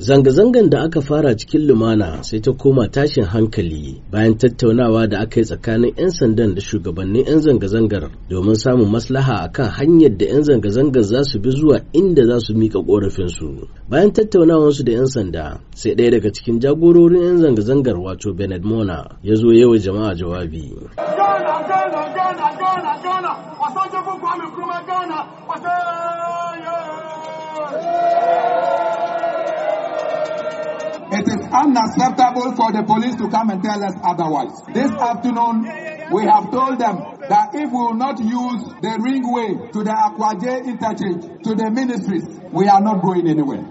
Zanga-zangan da aka fara cikin lumana sai ta koma tashin hankali bayan tattaunawa da aka yi tsakanin 'yan sandan da shugabannin 'yan zanga-zangar domin samun maslaha a kan hanyar da 'yan zanga-zangar za su bi zuwa inda za su mika korafinsu. Bayan tattaunawarsu da 'yan sanda sai ɗaya daga cikin jagororin 'yan zanga-zangar wato Bernard Mona ya zo yawa jama'a jawabi. unacceptable for the police to come and tell us otherwise. This afternoon, we have told them that if we will not use the ringway to the Akwaje interchange, to the ministries, we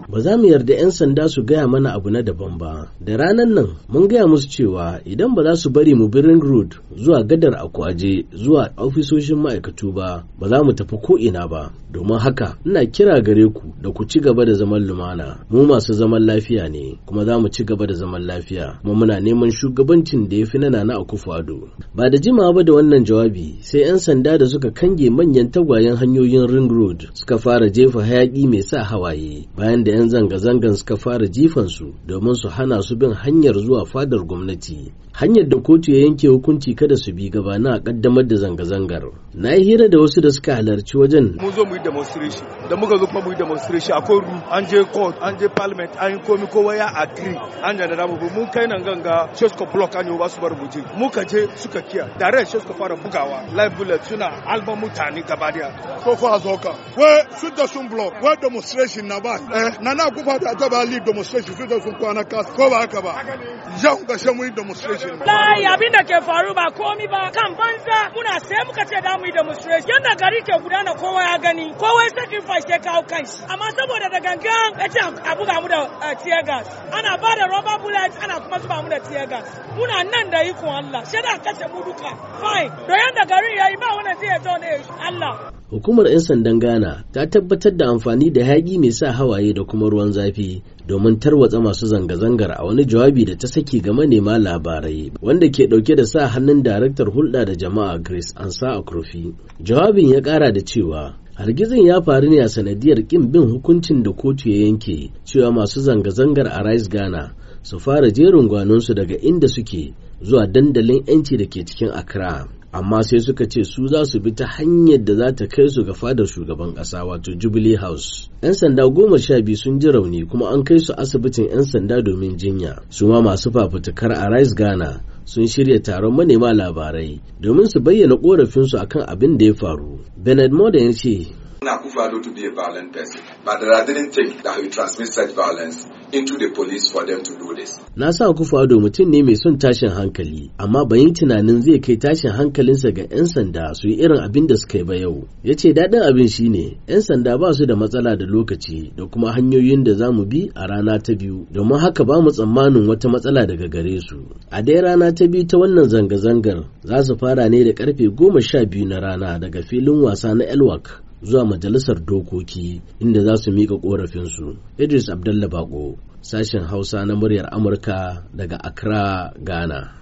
Ba za mu yarda 'yan sanda su gaya mana abu na daban ba. Da ranan nan mun gaya musu cewa idan ba za su bari mu bi ring road zuwa gadar akwaje zuwa ofisoshin ma'aikatu ba ba za mu tafi ko'ina ba. Domin haka ina kira gare ku da ku ci gaba da zaman lumana. Mu masu zaman lafiya ne kuma za mu ci gaba da zaman lafiya kuma muna neman shugabancin da ya fi na Nana Akufo-Addo. Ba da jimawa ba da wannan jawabi sai 'yan sanda da suka kange manyan tagwayen hanyoyin ring road suka fara jefa hayaki mai sa hawaye bayan da 'yan zanga-zangan suka fara jifansu domin su hana su bin hanyar zuwa fadar gwamnati hanyar da kotu ya yanke hukunci kada su bi gaba na kaddamar da zanga-zangar na yi hira da wasu da suka halarci wajen mun zo mu yi demonstration da muka zo kuma mu yi demonstration akwai ru an je court an je parliament an yi komi kowa ya agree an da mu mun kai nan ganga shesko block an yi ba su bar mu je muka je suka kiya dare shesko fara bugawa live bullet suna alba mutane gaba daya so far so ka we sun da sun block we da demonstration na ba eh? na na ku ta ta ba lead demonstration su da sun kwana kas ko ba haka ba yau ga shan mu yi demonstration lai abin da ke faru ba komi ba kan banza muna sai muka ce da mu demonstration yanda gari ke gudana kowa ya gani kowa ya sacrifice ya kawo kanshi amma saboda da gangan ya ce a buga mu da eh, tear gas ana ba da rubber bullet ana kuma zuba mu da tear gas muna nan da ikon Allah shi da kace mu duka fine don yanda gari yayi ba wannan zai ya zaune Allah hukumar 'yan sandan ghana ta tabbatar da amfani da yaƙi mai sa hawaye da kuma ruwan zafi domin tarwatsa masu zanga-zangar a wani jawabi da ta saki ga manema labarai wanda ke ɗauke da sa hannun daraktar hulɗa da jama'a grace ansa akrofi jawabin ya ƙara da cewa hargitsin ya faru ne a sanadiyar ƙin bin hukuncin da kotu ya yanke cewa masu zanga-zangar a rice ghana su fara jerin gwanonsu daga inda suke zuwa dandalin 'yanci da ke cikin accra amma sai suka ce su za su bi ta hanyar da za ta kai su ga fadar shugaban ƙasa wato jubilee house 'yan sanda goma sha biyu sun ji rauni kuma an kai su asibitin 'yan sanda domin jinya su ma masu fafutukar a rice ghana sun shirya taron manema labarai domin su bayyana korafinsu akan abin da ya faru bernard morden ya ce kufa do to be a violent person, but I didn't think that he would transmit such violence into the police for them to do this. Na sa kufado do mutum ne mai son tashin hankali, amma ban yi tunanin zai kai tashin hankalinsa ga 'yan sanda su yi irin abin da suka yi ba yau. Ya ce daɗin abin shine 'yan sanda ba su da matsala da lokaci da kuma hanyoyin da za mu bi a rana ta biyu, domin haka ba mu tsammanin wata matsala daga gare su. A dai rana ta biyu ta wannan zanga-zangar za su fara ne da karfe goma sha biyu na rana daga filin wasa na Elwak zuwa majalisar dokoki inda za su mika korafinsu idris abdalla bako sashen hausa na muryar amurka daga accra ghana